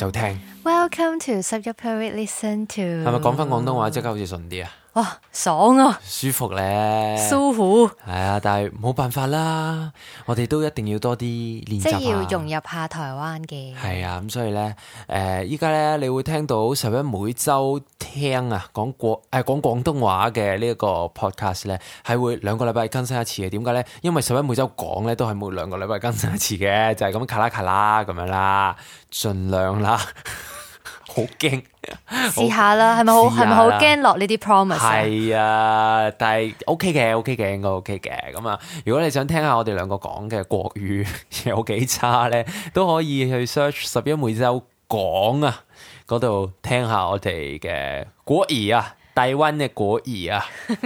就聽。十一篇，listen to 係咪講翻廣東話，即刻好似順啲啊！哇，爽啊，舒服咧，舒服係啊，但係冇辦法啦，我哋都一定要多啲練習，即係要融入下台灣嘅。係啊，咁、嗯、所以咧，誒、呃，依家咧你會聽到拾壹每周聽啊，講國誒講廣東話嘅呢一個 podcast 咧，係會兩個禮拜更新一次嘅。點解咧？因為拾壹每周講咧都係每兩個禮拜更新一次嘅，就係、是、咁卡啦卡啦咁樣啦，盡量啦。 好驚，試下啦，係咪好係咪好驚落呢啲 promise？係啊，但係 OK 嘅，OK 嘅，應該 OK 嘅。咁啊，如果你想聽下我哋兩個講嘅國語有幾差咧，都可以去 search 十一每周講啊，嗰度聽下我哋嘅國語啊，台灣嘅國語啊，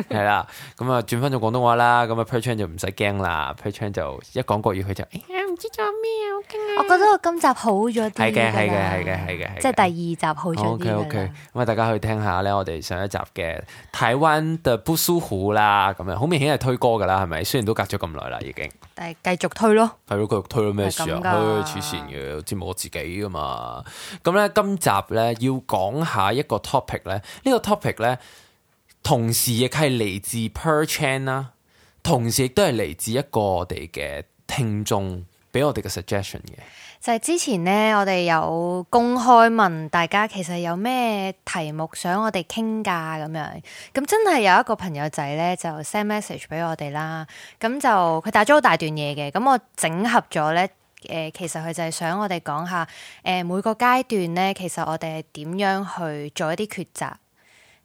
係啦。咁啊，轉翻咗廣東話啦，咁啊，Perchan 就唔使驚啦，Perchan 就一講國語佢就。唔知做咩我覺得我今集好咗啲，係嘅，係嘅，係嘅，係嘅，即係第二集好咗啲 OK，OK，咁啊，okay, okay。大家可以聽下咧，我哋上一集嘅台灣的不蘇湖啦，咁樣，好明顯係推歌噶啦，係咪？雖然都隔咗咁耐啦，已經，但係繼續推咯，係咯，繼續推咯咩事啊？繼續黐線嘅，即係、哎、我，我自己噶嘛。咁咧，今集咧要講下一個 topic 咧，呢、這個 topic 咧，同時亦係嚟自 Perchan 啦，chan，同時亦都係嚟自一個我哋嘅聽眾。俾我哋嘅 suggestion 嘅，就係之前咧，我哋有公開問大家，其實有咩題目想我哋傾㗎咁樣，咁真係有一個朋友仔咧就 send message 俾我哋啦，咁就佢打咗好大段嘢嘅，咁我整合咗咧，誒、呃，其實佢就係想我哋講下，誒、呃，每個階段咧，其實我哋係點樣去做一啲抉擇，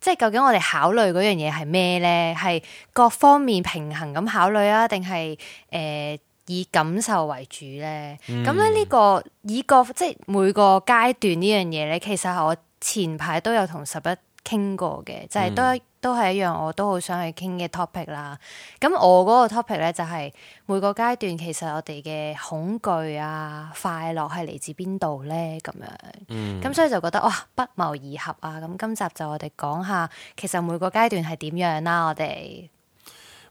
即係究竟我哋考慮嗰樣嘢係咩咧，係各方面平衡咁考慮啊，定係誒？呃以感受為主咧，咁咧呢個以個即係每個階段呢樣嘢咧，其實我前排都有同拾壹傾過嘅，就係、是、都都係一樣，我都好想去傾嘅 topic 啦。咁我嗰個 topic 咧就係、是、每個階段其實我哋嘅恐懼啊、快樂係嚟自邊度咧咁樣。咁、嗯、所以就覺得哇，不謀而合啊！咁今集就我哋講下其實每個階段係點樣啦、啊，我哋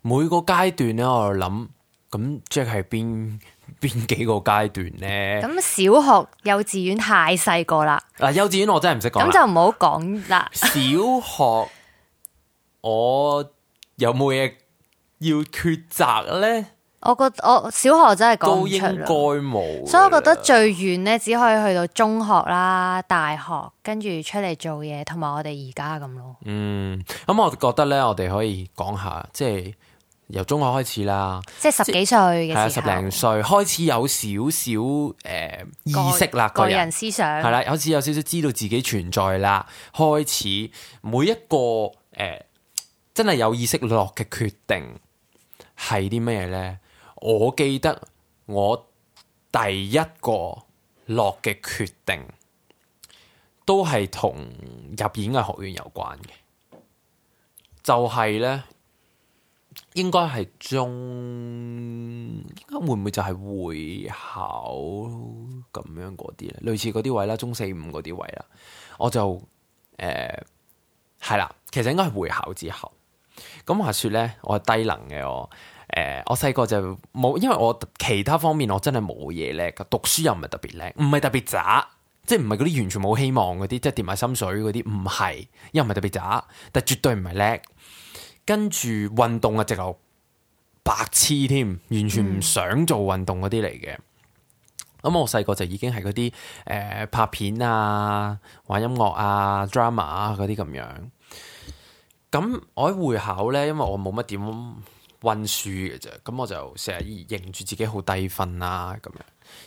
每個階段咧，我諗。咁即係邊邊幾個階段呢？咁小學幼稚園太細個啦。嗱，幼稚園、啊、我真係唔識講，咁就唔好講啦。小學我有冇嘢要抉擇呢？我覺得我小學真係講唔出應該冇。所以我覺得最遠呢，只可以去到中學啦、大學，跟住出嚟做嘢，同埋我哋而家咁咯。嗯，咁我覺得呢，我哋可以講下，即係。由中學開始啦，即係十幾歲嘅時候，十零歲開始有少少誒、呃、個意識啦，個人，個人思想係啦，開始有少少知道自己存在啦，開始每一個誒、呃、真係有意識落嘅決定係啲咩咧？我記得我第一個落嘅決定都係同入演藝學院有關嘅，就係、是、咧。應該係中，應該會唔會就係會考咁樣嗰啲咧？類似嗰啲位啦，中四五嗰啲位啦。我就誒係啦，其實應該係會考之後。咁話說咧，我係低能嘅我，誒、呃，我細個就冇，因為我其他方面我真係冇嘢叻嘅，讀書又唔係特別叻，唔係特別渣，即係唔係嗰啲完全冇希望嗰啲，即係跌埋心水嗰啲，唔係，又唔係特別渣，但係絕對唔係叻。跟住運動啊，直頭白痴添，完全唔想做運動嗰啲嚟嘅。咁、嗯、我細個就已經係嗰啲誒拍片啊、玩音樂啊、drama 啊嗰啲咁樣。咁我喺會考咧，因為我冇乜點溫書嘅啫，咁我就成日認住自己好低分啦、啊，咁樣。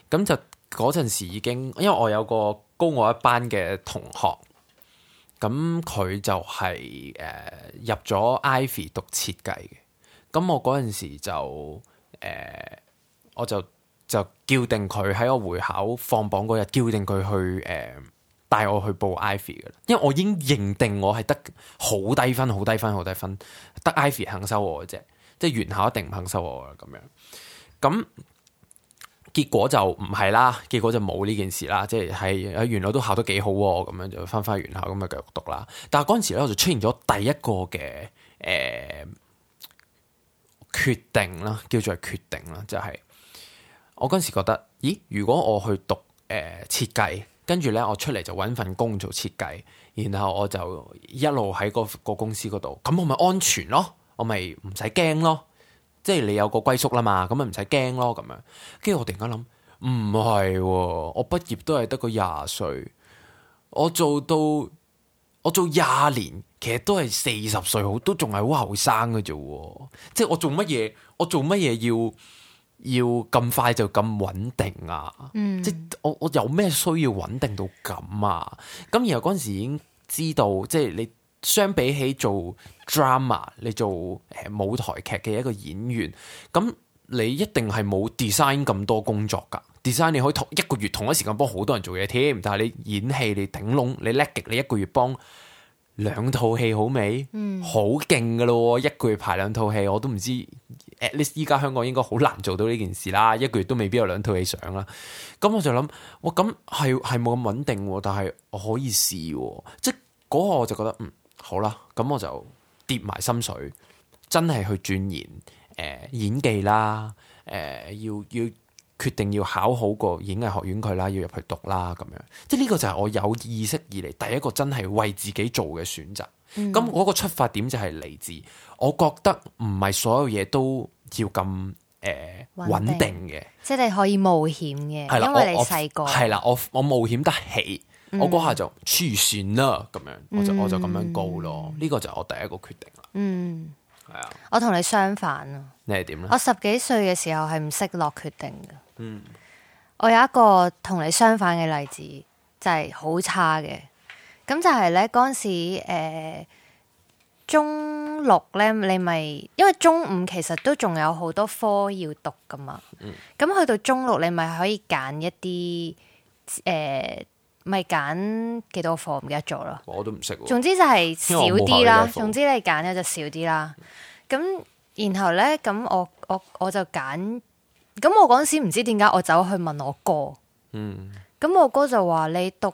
咁就嗰陣時已經，因為我有個高我一班嘅同學。咁佢就係、是、誒、呃、入咗 Ivy 讀設計嘅，咁我嗰陣時就誒、呃、我就就叫定佢喺我會考放榜嗰日叫定佢去誒帶、呃、我去報 Ivy 嘅，因為我已經認定我係得好低分、好低分、好低分，得 Ivy 肯收我嘅啫，即係原校一定唔肯收我呀咁樣，咁。結果就唔係啦，結果就冇呢件事啦，即係喺原校都考得幾好喎、啊，咁樣就翻返原校咁就繼續讀啦。但係嗰陣時咧，我就出現咗第一個嘅誒、欸、決定啦，叫做決定啦，就係、是、我嗰陣時覺得，咦？如果我去讀誒、欸、設計，跟住咧我出嚟就揾份工做設計，然後我就一路喺嗰個公司嗰度，咁我咪安全咯，我咪唔使驚咯。即係你有個歸宿啦嘛，咁咪唔使驚咯咁樣。跟住我突然間諗，唔係，我畢業都係得個廿歲，我做到我做廿年，其實都係四十歲好，都仲係好後生嘅啫。即係我做乜嘢，我做乜嘢要要咁快就咁穩定啊？嗯、即係我我有咩需要穩定到咁啊？咁然後嗰陣時已經知道，即係你。相比起做 drama，你做誒、呃、舞台劇嘅一個演員，咁你一定係冇 design 咁多工作㗎。design 你可以同一個月同一時間幫好多人做嘢添，但係你演戲你頂籠，你叻極你，你一個月幫兩套戲好未？嗯，好勁㗎咯，一個月排兩套戲我都唔知 at least 依家香港應該好難做到呢件事啦。一個月都未必有兩套戲上啦。咁我就諗，哇，咁係，係冇咁穩定，但係我可以試，即係、嗰個我就覺得嗯。好啦，咁我就跌埋心水，真係去鑽研誒演技啦，誒、呃、要要決定要考好個演藝學院佢啦，要入去讀啦，咁樣即係呢個就係我有意識以嚟第一個真係為自己做嘅選擇。咁我、嗯、個出發點就係嚟自，我覺得唔係所有嘢都要咁誒穩定嘅，定即係你可以冒險嘅，係啦，啦，我細個係啦，我我冒險得起。我嗰下就黐線啦，咁、嗯、樣，我就我就咁樣高咯、嗯。呢個就係我第一個決定啦。嗯，係啊，我同你相反啊。你係點咧？我十幾歲嘅時候係唔識落決定嘅。嗯，我有一個同你相反嘅例子，就係、是、好差嘅。咁就係咧嗰陣時，誒、呃，中六咧，你咪因為中五其實都仲有好多科要讀噶嘛。嗯，咁去到中六，你咪可以揀一啲誒。呃咪揀幾多科唔記得咗咯，我都唔識。總之就係少啲啦。總之你揀咧就少啲啦。咁然後咧，咁我我我就揀。咁我嗰時唔知點解我走去問我哥。嗯。咁我哥就話你讀誒、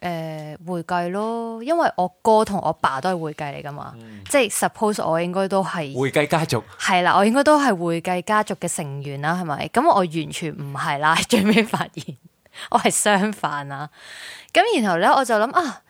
呃、會計咯，因為我哥同我爸都係會計嚟噶嘛，嗯、即係 suppose 我應該都係會計家族。係啦，我應該都係會計家族嘅成員啦，係咪？咁我完全唔係啦，最尾發現。我係相反啊，咁然後咧我就諗啊，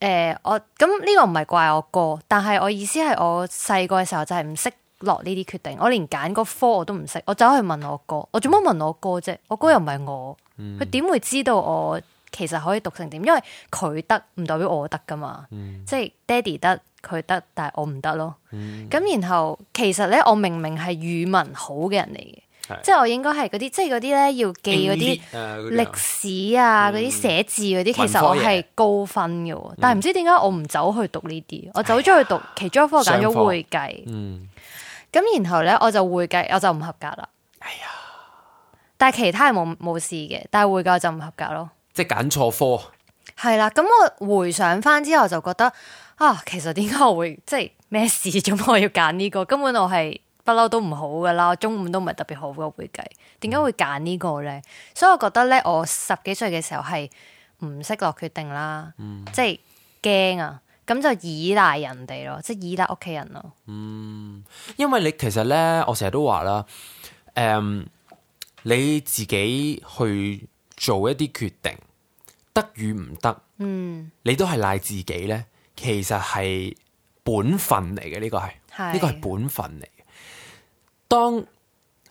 誒、呃、我咁呢、嗯，呢個唔係怪我哥，但係我意思係我細個嘅時候就係唔識落呢啲決定，我連揀個科我都唔識，我走去問我哥，我做乜問我哥啫？我哥又唔係我，佢點、嗯、會知道我其實可以讀成點？因為佢得唔代表我得噶嘛，嗯、即係爹哋得佢得，但係我唔得咯。咁、嗯、然後其實咧，我明明係語文好嘅人嚟嘅。即係我應該係嗰啲，即係嗰啲咧要記嗰啲歷史啊，嗰啲寫字嗰啲，其實我係高分嘅，嗯、但係唔知點解我唔走去讀呢啲，嗯、我走咗去讀其中一科揀咗會計，咁、嗯、然後咧我就會計我就唔合格啦。哎呀，但係其他係冇冇事嘅，但係會計就唔合格咯。即係揀錯科。係啦，咁我回想翻，之後就覺得啊，其實點解我會即係咩事，做乜我要揀呢、這個？根本我係。不嬲都唔好噶啦，中午都唔係特別好會個會計，點解會揀呢個咧？所以我覺得咧，我十幾歲嘅時候係唔識落決定啦，嗯、即係驚啊，咁就依賴人哋咯，即係依賴屋企人咯。嗯，因為你其實咧，我成日都話啦，誒、嗯，你自己去做一啲決定，得與唔得，嗯，你都係賴自己咧，其實係本分嚟嘅呢個係，呢是個係本分嚟。當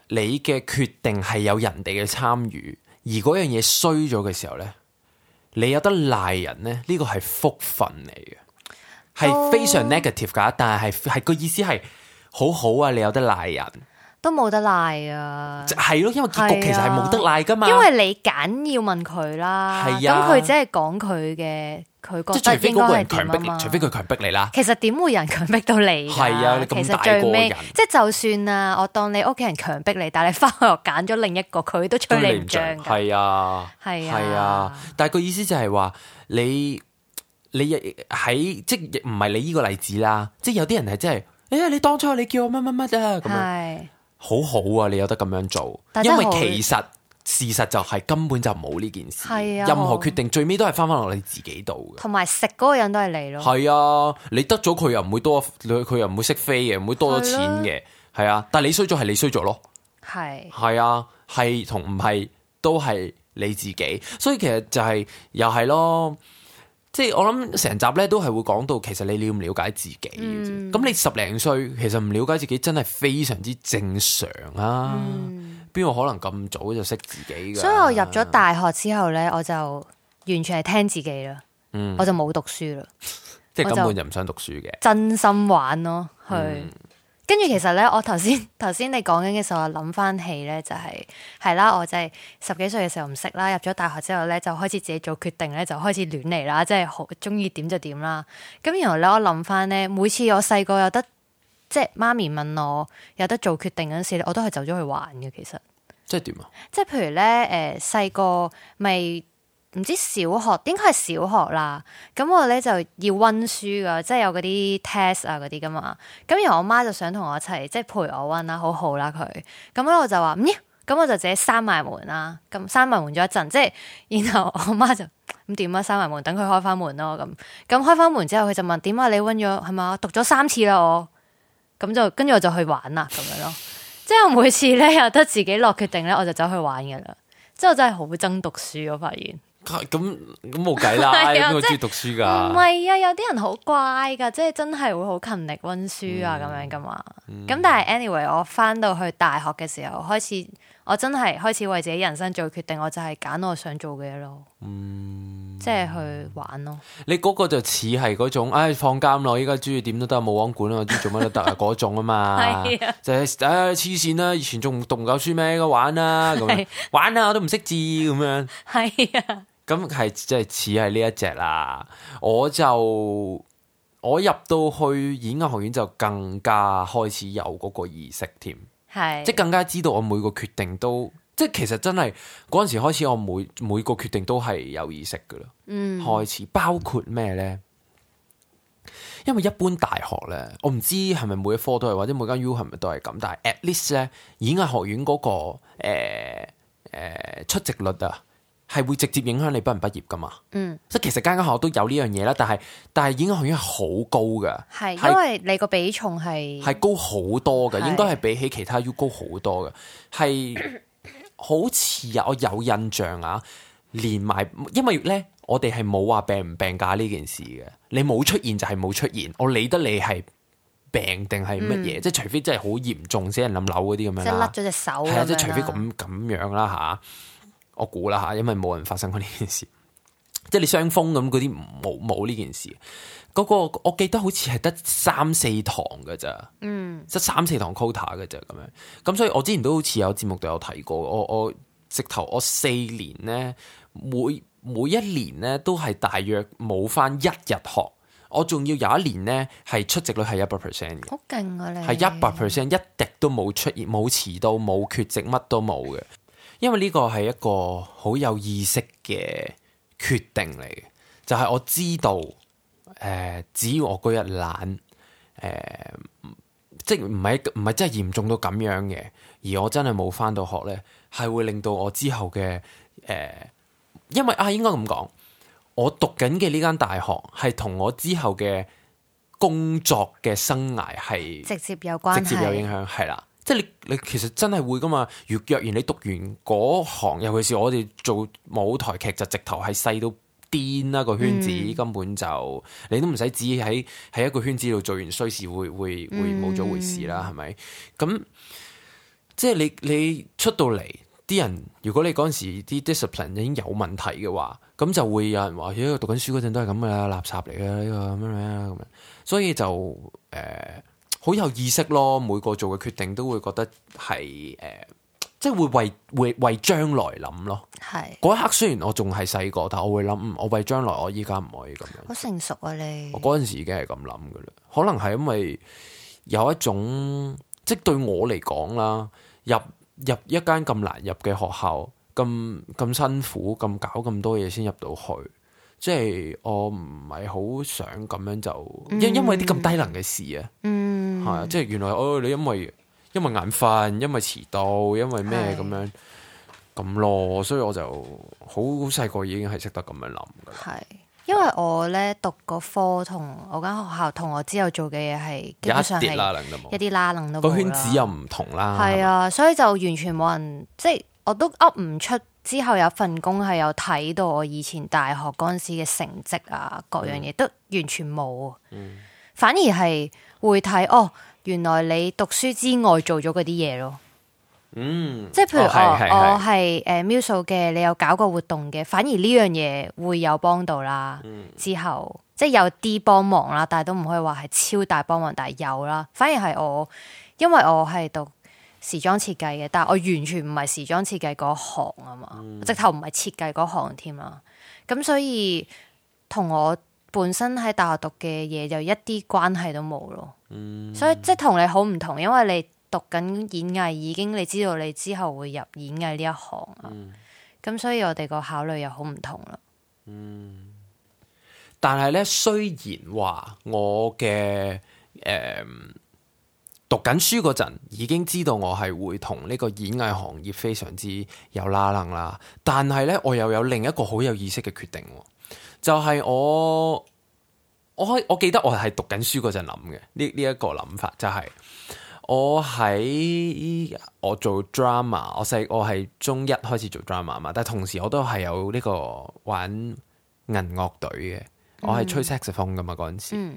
你嘅決定係有人哋嘅參與，而嗰樣嘢衰咗嘅時候咧，你有得賴人咧，呢個係福分嚟嘅，係非常 negative 㗎，但係係係個意思係好好啊，你有得賴人。都冇得賴啊！係 咯樂，就是、因為結局其實係冇得賴噶嘛。是啊、因為你揀要問佢啦是、啊，咁佢只係講佢嘅，佢覺得應該點啊。即係除非嗰個人強迫你，除非佢強迫你啦。其實點會有人強迫到你、啊？係啊，你咁大個人。即係就算啊，我當你屋企人強迫你，但係翻學揀咗另一個佢都吹你唔漲。係啊，係啊，但係個意思就係話你你喺即唔係你呢個例子啦。即係有啲人係真係，哎呀你當初你叫我乜乜乜啊咁樣 好好啊，你有得咁樣做，因為其實 事實就係、係、根本就冇呢件事，係啊、任何決定最尾都係翻翻落你自己度嘅，同埋食嗰個人都係你咯。係啊，你得咗佢又唔會多，佢又唔會識飛嘅，唔會多咗錢嘅，係係啊，啊。但係你衰咗係你衰咗咯，係係啊，係同唔係都係你自己，所以其實就係又係咯。即係我諗成集咧都係會講到，其實你了唔了解自己。咁、嗯、你十零歲其實唔了解自己，真係非常之正常啊！邊個、嗯、可能咁早就識自己㗎？所以我入咗大學之後咧，我就完全係聽自己啦，嗯、我就冇讀書啦，即係根本就唔想讀書嘅，真心玩咯，係。嗯跟住其實咧，我頭先頭先你講緊嘅時候，我諗翻起咧就係、係、係啦，我就係十幾歲嘅時候唔識啦，入咗大學之後咧就開始自己做決定咧，就開始亂嚟啦，即係好中意點就點啦。咁然後咧，我諗翻咧，每次我細個有得即係媽咪問我有得做決定嗰陣時，我都係走咗去玩嘅。其實即係點啊？即係譬如咧，誒細個咪～唔知小學應該係小學啦，咁我咧就要温書噶，即係有嗰啲 test 啊嗰啲噶嘛。咁然後我媽就想同我一齊，即係陪我温啦，好好啦佢。咁咧我就話唔要，咁、嗯、我就自己閂埋門啦。咁閂埋門咗一陣，即係然後我媽就咁點啊？閂埋門，等佢開翻門咯咁。咁開翻門之後，佢就問點啊？你温咗係嘛？我讀咗三次啦我。咁就跟住我就去玩啦咁樣咯。即係我每次咧又得自己落決定咧，我就走去玩噶啦。即係我真係好憎讀書，我發現。咁咁冇計啦，邊個中意讀書噶？唔係啊，有啲人好乖噶，即係真係會好勤力溫書啊，咁樣噶嘛。咁但係 anyway，我翻到去大學嘅時候，開始我真係開始為自己人生做決定，我就係揀我想做嘅嘢咯。嗯，即係去玩咯，哦。嗯、你嗰個就似係嗰種，唉，放監咯，依家中意點都得，冇人管咯，中意做乜都得啊，嗰種啊嘛。係啊，就係唉，黐線啦，以前仲讀唔夠書咩？而家玩啦，玩啦，啊，我都唔識字咁樣。係啊。咁係即係似係呢一隻啦，我就我入到去演藝學院就更加開始有嗰個意識添，係是即係更加知道我每個決定都即係其實真係嗰陣時開始我每每個決定都係有意識噶啦，嗯，開始包括咩咧？因為一般大學咧，我唔知係咪每一科都係或者每間 U 係咪都係咁，但係 at least 咧，演藝學院嗰個呃呃出席率啊。係會直接影響你畢唔畢業噶嘛？嗯，即係其實間間學校都有呢樣嘢啦，但係但係影響已經係好高噶，係因為你個比重係係高好多噶，是應該係比起其他要高多 好多噶，係好似啊，我有印象啊，連埋因為咧，我哋係冇話病唔病假呢件事嘅，你冇出現就係冇出現，我理得你係病定係乜嘢，嗯、即係除非真係好嚴重，死人冧樓嗰啲咁樣啦，甩咗、嗯、隻手係啊對，即係除非咁咁樣啦吓。樣我估啦嚇，因為冇人發生過呢件事，即係你傷風咁嗰啲冇冇呢件事。嗰個我記得好似係得三四堂嘅咋，嗯，即三四堂 quota 嘅咋咁樣。咁所以我之前都好似有節目度有睇過，我我直頭我四年咧，每每一年咧都係大約冇翻一日學，我仲要有一年咧係出席率係一百 percent 嘅，好勁㗎，你係一百 percent，一滴都冇出現冇遲到，冇缺席乜都冇嘅。因為呢個係一個好有意識嘅決定嚟嘅，就係、是、我知道，誒、呃，只要我嗰日懶，誒、呃，即係唔係唔係真係嚴重到咁樣嘅，而我真係冇返到學咧，係會令到我之後嘅，誒、呃，因為啊，應該咁講，我讀緊嘅呢間大學係同我之後嘅工作嘅生涯係直接有關，直接有影響係啦。即係你，你其實真係會噶嘛？若若然你讀完嗰行，尤其是我哋做舞台劇，就直頭係細到癲啦個圈子，根本就你都唔使指喺喺一個圈子度做完衰事，會會會冇咗回事啦，係咪？嗯。咁即係你你出到嚟啲人，如果你嗰陣時啲 discipline 已經有問題嘅話，咁就會有人話，如、哎、果讀緊書嗰陣都係咁噶啦，垃圾嚟噶呢個咁樣樣咁樣，所以就誒。呃好有意識咯，每個做嘅決定都會覺得係誒、呃，即係會為會為，為將來諗咯。係嗰係一刻雖然我仲係細個，但我會諗、嗯，我為將來，我依家唔可以咁樣。好成熟啊你！我嗰陣時已經係咁諗嘅啦。可能係因為有一種，即係對我嚟講啦，入入一間咁難入嘅學校，咁咁辛苦，咁搞咁多嘢先入到去，即係我唔係好想咁樣就，嗯、因因為啲咁低能嘅事啊。嗯。係，即係原來哦，你因為因為眼瞓，因為遲到，因為咩咁是樣咁咯，所以我就好好細個已經係識得咁樣諗嘅。係，因為我咧讀個科同我間學校同我之後做嘅嘢係，上一啲啦一啲啦楞都冇啦。個圈子又唔同啦，係啊，所以就完全冇人，即係我都噏唔出之後有份工係有睇到我以前大學嗰陣時嘅成績啊，各樣嘢、嗯、都完全冇，嗯、反而係。會睇哦，原來你讀書之外做咗嗰啲嘢咯，嗯，即係譬如我、哦、我係誒 Muse 嘅，你有搞過活動嘅，反而呢樣嘢會有幫到啦。嗯、之後即係有啲幫忙啦，但係都唔可以話係超大幫忙，但係有啦。反而係我，因為我係讀時裝設計嘅，但係我完全唔係時裝設計嗰行啊嘛，嗯、直頭唔係設計嗰行添啊。咁所以同我。本身喺大學讀嘅嘢就一啲關係都冇咯，嗯、所以即係同你好唔同，因為你讀緊演藝，已經你知道你之後會入演藝呢一行啊，咁、嗯、所以我哋個考慮又好唔同咯。嗯，但係呢，雖然話我嘅誒、呃、讀緊書嗰陣已經知道我係會同呢個演藝行業非常之有拉能啦，但係呢，我又有另一個好有意識嘅決定。就係我，我我記得我係讀緊書嗰陣諗嘅呢呢一個諗法就係我喺我做 drama，我細我係中一開始做 drama 嘛，但係同時我都係有呢個玩銀樂隊嘅，我係吹 saxophone 噶嘛嗰陣時。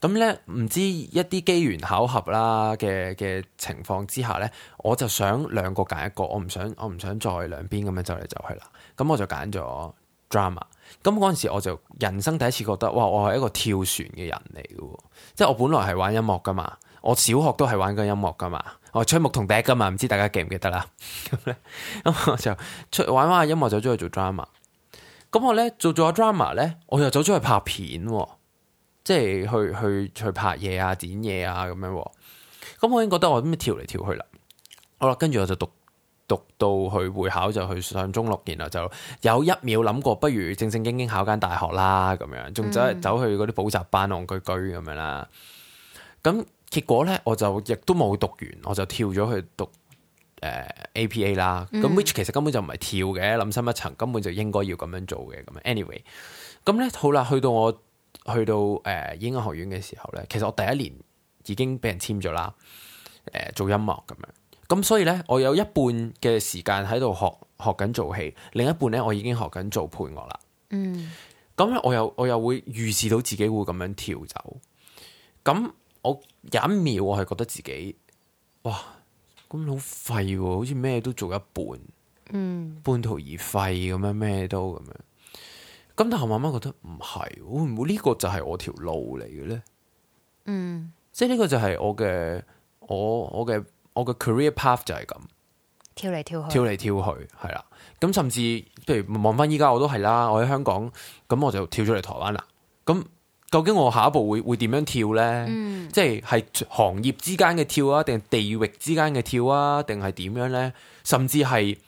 咁咧，唔知一啲機緣巧合啦嘅嘅情況之下咧，我就想兩個揀一個，我唔想我唔想再兩邊咁樣走嚟走去啦。咁我就揀咗 drama。咁嗰陣時我就人生第一次覺得，哇！我係一個跳船嘅人嚟嘅，即係我本來係玩音樂噶嘛，我小學都係玩緊音樂噶嘛，我吹牧童笛噶嘛，唔知大家記唔記得啦？咁 咧、嗯，咁我就出玩玩下音樂走咗去做 drama。咁、嗯、我咧做咗 drama 咧，我又走咗去拍片，啊，即係去去去，去拍嘢啊，剪嘢啊，咁樣啊。咁、嗯、我已經覺得我咁咩跳嚟跳去啦。好啦，跟住我就讀讀到去會考就，去上中六，然後就有一秒諗過，不如正正經經考間大學啦咁樣，仲走走去嗰啲補習班戇居居咁樣啦。咁結果呢，我就亦都冇讀完，我就跳咗去讀誒、呃、APA 啦。咁、嗯、which 其實根本就唔係跳嘅，諗深一層，根本就應該要咁樣做嘅。咁樣 anyway，咁呢好啦，去到我去到誒演藝學院嘅時候呢，其實我第一年已經俾人簽咗啦，誒、呃、做音樂咁樣。咁所以咧，我有一半嘅時間喺度學學緊做戲，另一半咧我已經學緊做配樂啦。嗯，咁咧我又我又會預示到自己會咁樣跳走。咁我有一秒我係覺得自己哇，咁好廢，好似咩都做一半，嗯，半途而廢咁樣，咩都咁樣。咁但係慢慢覺得唔係，會唔會呢個就係我條路嚟嘅咧？嗯，即係呢個就係我嘅我我嘅。我嘅 career path 就係咁跳嚟跳去，跳嚟跳去係啦。咁甚至譬如望翻依家，我都係啦。我喺香港咁，我就跳咗嚟台灣啦。咁究竟我下一步會會點樣跳呢？嗯、即係行業之間嘅跳啊，定係地域之間嘅跳啊，定係點樣呢？甚至係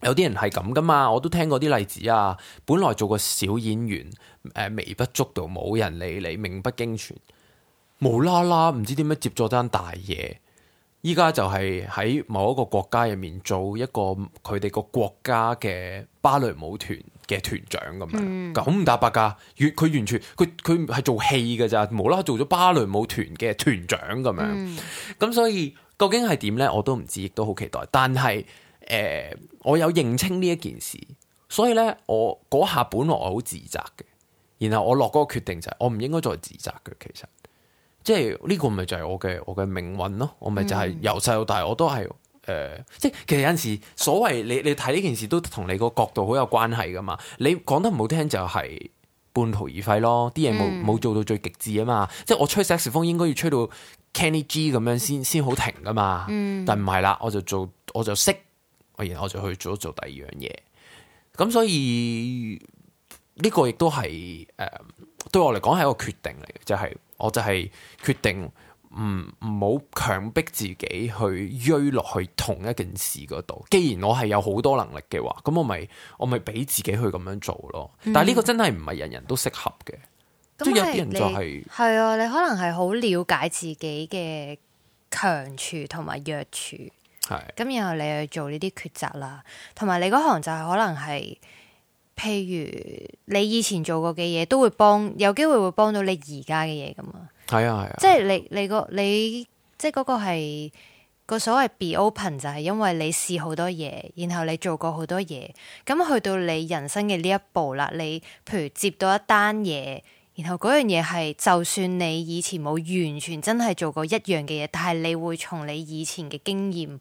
有啲人係咁噶嘛。我都聽過啲例子啊。本來做個小演員，誒、呃、微不足道，冇人理你，名不經傳，無啦啦唔知點樣接咗單大嘢。依家就係喺某一個國家入面做一個佢哋個國家嘅芭蕾舞團嘅團長咁樣，嗯、九唔搭八㗎，完佢完全佢佢係做戲㗎咋，無啦啦做咗芭蕾舞團嘅團長咁樣，咁、嗯、所以究竟係點咧？我都唔知，亦都好期待。但係誒、呃，我有認清呢一件事，所以咧我嗰下本來好自責嘅，然後我落嗰個決定就係、是、我唔應該再自責嘅，其實。即係呢、這個咪就係我嘅我嘅命運咯，我咪就係由細到大我都係誒、呃，即係其實有陣時所謂你你睇呢件事都同你個角度好有關係噶嘛。你講得唔好聽就係半途而廢咯，啲嘢冇冇做到最極致啊嘛。即係我吹 saxophone、嗯、吹應該要吹到 Kenny G 咁樣先先好停噶嘛，嗯、但唔係啦，我就做我就識，然後我就去做做，做第二樣嘢。咁所以呢、這個亦都係誒對我嚟講係一個決定嚟嘅，就係、是。我就係決定唔唔好強迫自己去追落去同一件事嗰度。既然我係有好多能力嘅話，咁我咪我咪俾自己去咁樣做咯。嗯、但係呢個真係唔係人人都適合嘅，嗯、即有啲人就係、是、係啊。你可能係好了解自己嘅強處同埋弱處，係咁是然後你去做呢啲抉擇啦。同埋你嗰行就係可能係。譬如你以前做過嘅嘢，都會幫，有機會會幫到你而家嘅嘢噶嘛？係啊係啊，啊即係你你個你，即係嗰個係、個所謂 be open，就係因為你試好多嘢，然後你做過好多嘢，咁去到你人生嘅呢一步啦。你譬如接到一單嘢，然後嗰樣嘢係就算你以前冇完全真係做過一樣嘅嘢，但係你會從你以前嘅經驗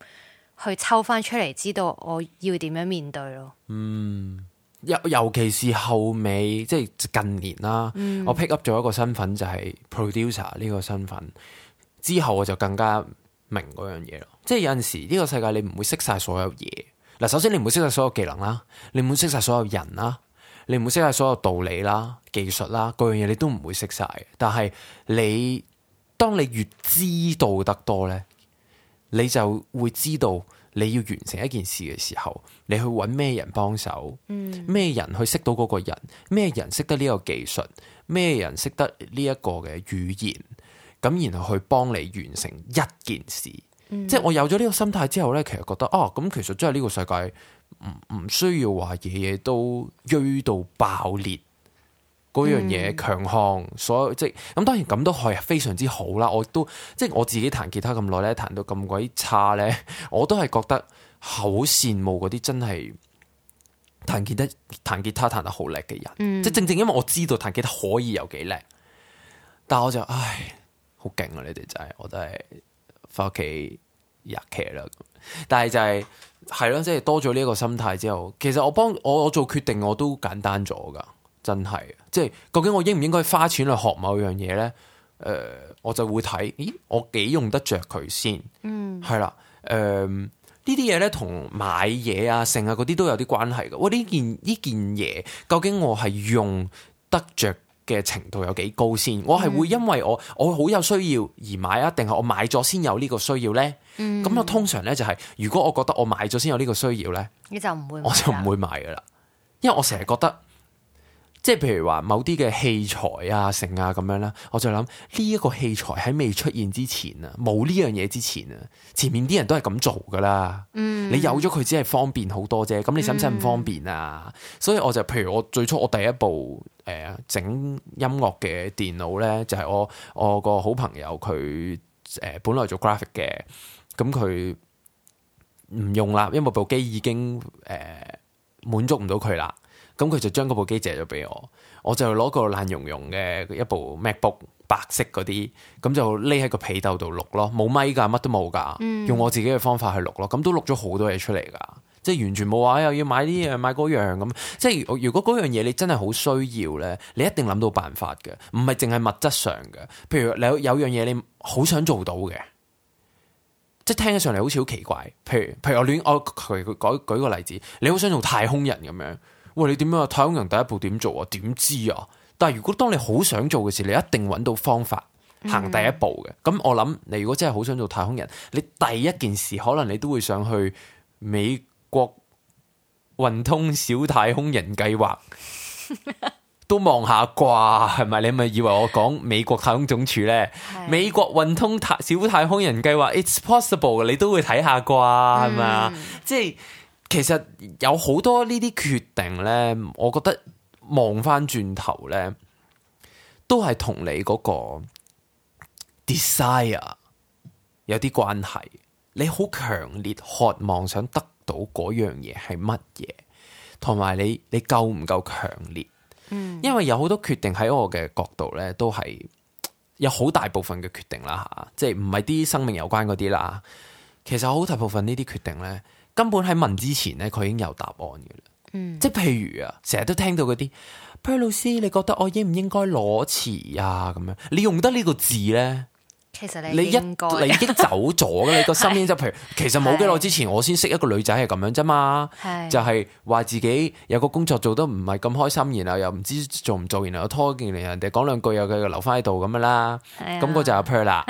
去抽翻出嚟，知道我要點樣面對咯。嗯。尤尤其是後尾即係近年啦，嗯、我 pick up 咗一個身份就係、是、producer 呢個身份。之後我就更加明嗰樣嘢咯。即係有陣時呢、呢個世界你唔會識晒所有嘢。嗱，首先你唔會識晒所有技能啦，你唔會識晒所有人啦，你唔會識晒所有道理啦、技術啦嗰樣嘢，你都唔會識晒。但係你當你越知道得多咧，你就會知道。你要完成一件事嘅時候，你去揾咩人幫手？嗯，咩人去識到嗰個人？咩人識得呢個技術？咩人識得呢一個嘅語言？咁然後去幫你完成一件事。嗯，即係我有咗呢個心態之後呢，其實覺得哦，咁其實真係呢個世界唔唔需要話嘢嘢都瘀到爆裂。嗰樣嘢強項，嗯、所以即咁當然咁都係非常之好啦。我都即我自己彈吉他咁耐咧，彈到咁鬼差咧，我都係覺得好羨慕嗰啲真係彈吉他彈吉他彈得好叻嘅人。嗯、即正正因為我知道彈吉他可以有幾叻，但我就唉好勁啊！你哋真係我都係翻屋企日劇啦。但係就係係咯，即多咗呢一個心態之後，其實我幫我我做決定我都簡單咗噶。真係，即係究竟我應唔應該花錢去學某樣嘢呢？誒、呃，我就會睇，咦，我幾用得着佢先？嗯，係啦，誒、呃，呢啲嘢呢，同買嘢啊、剩啊嗰啲都有啲關係嘅。喎呢件呢件嘢，究竟我係用得着嘅程度有幾高先？我係會因為我我好有需要而買啊，定係我買咗先有呢個需要呢？嗯，咁我通常呢、就係，就係如果我覺得我買咗先有呢個需要呢，你就唔會、啊，我就唔會買噶啦，因為我成日覺得。即係譬如話某啲嘅器材啊、成啊咁樣啦，我就諗呢一個器材喺未出現之前啊，冇呢樣嘢之前啊，前面啲人都係咁做噶啦。嗯，你有咗佢只係方便好多啫。咁你使唔使唔方便啊？嗯，所以我就譬如我最初我第一部誒整，呃，音樂嘅電腦咧，就係，是，我我個好朋友佢誒本來做 graphic 嘅，咁佢唔用啦，因為部機已經誒滿，呃，足唔到佢啦。咁佢就將嗰部機借咗俾我，我就攞個爛融融嘅一部 MacBook 白色嗰啲，咁就匿喺個被竇度錄咯，冇咪噶乜都冇噶用我自己嘅方法去錄咯，咁都錄咗好多嘢出嚟噶即係完全冇話又要買呢樣買嗰樣咁，即係如果嗰樣嘢你真係好需要咧，你一定諗到辦法嘅，唔係淨係物質上嘅，譬如你有有樣嘢你好想做到嘅，即係聽起上嚟好似好奇怪，譬如譬如我亂我，舉舉個例子，你好想做太空人咁樣。喂，你點樣啊？太空人第一步點做啊？點知啊？但係如果當你好想做嘅事，你一定揾到方法行第一步嘅。咁、嗯、我諗，你如果真係好想做太空人，你第一件事可能你都會想去美國運通小太空人計劃，都望下啩，係咪？你咪以為我講美國太空總署呢？是的 美國運通小太空人計劃，It's possible，你都會睇下啩，係咪啊？嗯、即係。其實有好多呢啲決定呢，我覺得望翻轉頭呢，都係同你嗰個 desire 有啲關係。你好強烈渴望想得到嗰樣嘢係乜嘢，同埋你你夠唔夠強烈？嗯，因為有好多決定喺我嘅角度呢，都係有好大部分嘅決定啦，吓，即係唔係啲生命有關嗰啲啦。其實好大部分呢啲決定呢，根本喺問之前咧，佢已經有答案嘅啦。嗯，即，即係譬如啊，成日都聽到嗰啲，譬如、嗯、Per 老師，你覺得我應唔應該攞辭啊？咁樣，你用得呢個字咧？其實你你一你已經走咗嘅，哈哈哈哈，你個心已就譬如，其實冇幾耐之前，我先識一個女仔係咁樣啫、啊、嘛。就係話自己有個工作做得唔係咁開心，然後又唔知做唔做，然後拖住嚟人哋講兩句，又繼續留翻喺度咁嘅啦。咁個就係 Per 啦。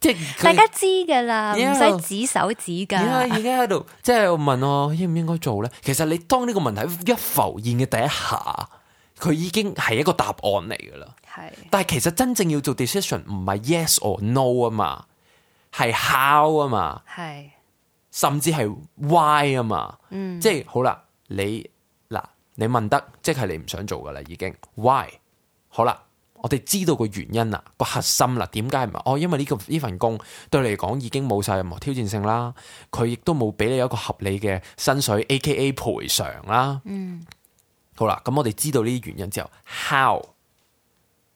即係大家知噶啦，唔使 Yeah, 指手指噶。而家喺度即係問我應唔應該做咧？其實你當呢個問題一浮現嘅第一下，佢已經係一個答案嚟噶啦。係是，但係其實真正要做 decision 唔係 yes or no 啊嘛，係 how 啊嘛，係是，甚至係 why 啊嘛。嗯，即係好啦，你嗱你問得，即係你唔想做噶啦，已經 why？好啦。我哋知道個原因啦，個核心啦，點解唔係？哦，因為呢個呢份工對你嚟講已經冇晒任何挑戰性啦，佢亦都冇俾你一個合理嘅薪水，A K A 賠償啦。嗯。好啦，咁我哋知道呢啲原因之後，how？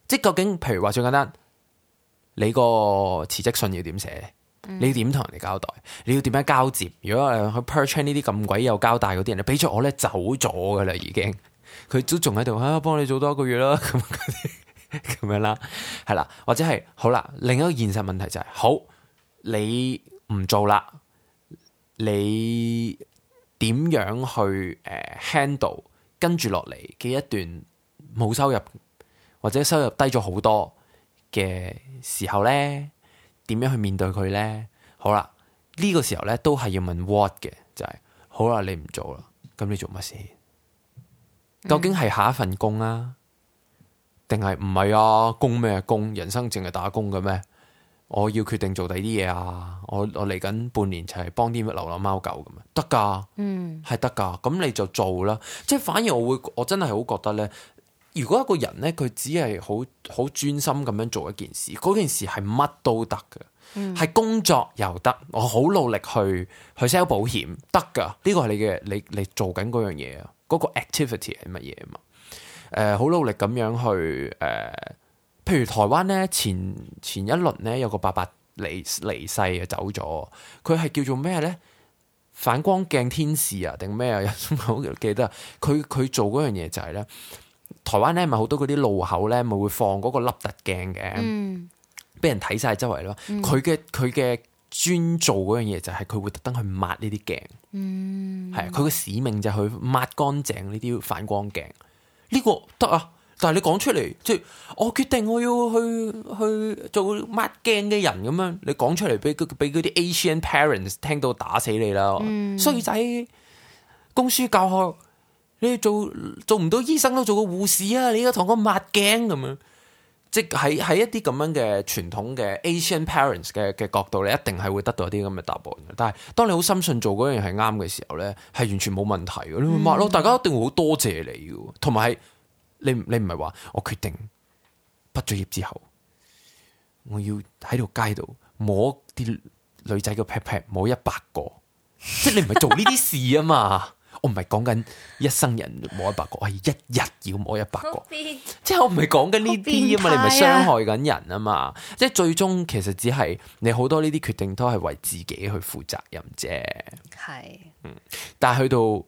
即究竟，譬如話最簡單，你個辭職信要點寫？嗯、你要點同人哋交代？你要點樣交接？如果係去 Perchan 呢啲咁鬼有交代嗰啲人，你俾咗我咧走咗噶啦，已經了了。佢都仲喺度，啊，幫你做多一個月啦。 咁樣啦，係啦，或者係好啦。另一個現實問題就係、是，好，你唔做啦，你點樣去誒 handle 跟住落嚟嘅一段冇收入或者收入低咗好多嘅時候咧？點樣去面對佢咧？好啦，呢、這個時候咧都係要問 what 嘅，就係、是、好啦，你唔做啦，咁你做乜先？究竟係下一份工啊？定係唔係啊？工咩工，人生淨係打工嘅咩？我要決定做第啲嘢啊！我我嚟緊半年就係幫啲流浪貓狗咁樣？得噶，嗯，係得噶。咁你就做啦。即係反而我會，我真係好覺得咧。如果一個人咧，佢只係好好專心咁樣做一件事，嗰件事係乜都得噶，係、嗯、工作又得。我好努力去去 sell 保險，得噶。呢個係你嘅，你你做緊嗰樣嘢啊，嗰、嗰個 activity 係乜嘢啊嘛？誒，好、呃、努力咁樣去誒、呃，譬如台灣咧，前前一輪咧有個伯伯離離世啊，走咗，佢係叫做咩咧？反光鏡天使啊，定咩啊？ 我好記得，佢佢做嗰樣嘢就係、是、咧，台灣咧咪好多嗰啲路口咧咪會放嗰個凹凸鏡嘅，俾、嗯、人睇晒周圍咯。佢嘅佢嘅專做嗰樣嘢就係、是、佢會特登去抹呢啲鏡，係，佢嘅使命就係去抹乾淨呢啲反光鏡。呢、這個得啊，但係你講出嚟，即係我決定我要去去做抹鏡嘅人咁樣，你講出嚟俾俾嗰啲 Asian parents 聽到打死你啦，衰仔、嗯！公書教學，你做做唔到醫生都做個護士啊，你而家同我抹鏡咁、啊、樣。即係喺一啲咁樣嘅傳統嘅 Asian parents 嘅嘅角度，你一定係會得到一啲咁嘅答案。但係當你好深信做嗰樣嘢係啱嘅時候咧，係完全冇問題。你咪話咯，嗯、大家一定會好多謝你嘅，同埋你你唔係話我決定畢咗業之後，我要喺度街度摸啲女仔嘅 pat pat 摸一百個，即係你唔係做呢啲事啊嘛？ 我唔係講緊一生人摸一百個，我係一日要摸一百個，啊、即係我唔係講緊呢啲啊嘛，你唔係傷害緊人啊嘛，即係最終其實只係你好多呢啲決定都係為自己去負責任啫。係是、嗯，但係去到誒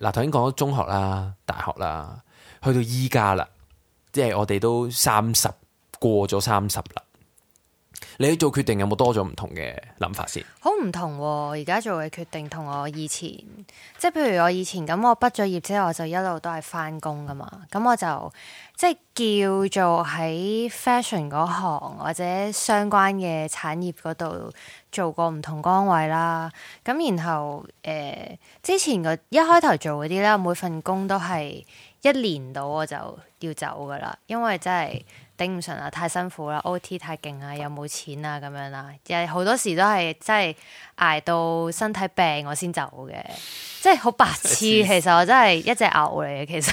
嗱，頭先講咗中學啦、大學啦，去到依家啦，即係我哋都三十過咗三十啦。你做決定有冇多咗唔同嘅諗法先？好唔同、啊，而家做嘅決定同我以前，即係譬如我以前咁，我畢咗業之後我就一路都係翻工噶嘛。咁我就即係叫做喺 fashion 嗰行或者相關嘅產業嗰度做過唔同崗位啦。咁然後誒、呃，之前一開頭做嗰啲咧，我每份工都係一年到我就要走噶啦，因為真係。頂唔順啦，太辛苦啦，O T 太勁啊，又冇錢啊，咁樣啦，亦係好多時都係真係挨到身體病我先走嘅，即係好白痴。 其實我真係一隻牛嚟嘅，其實。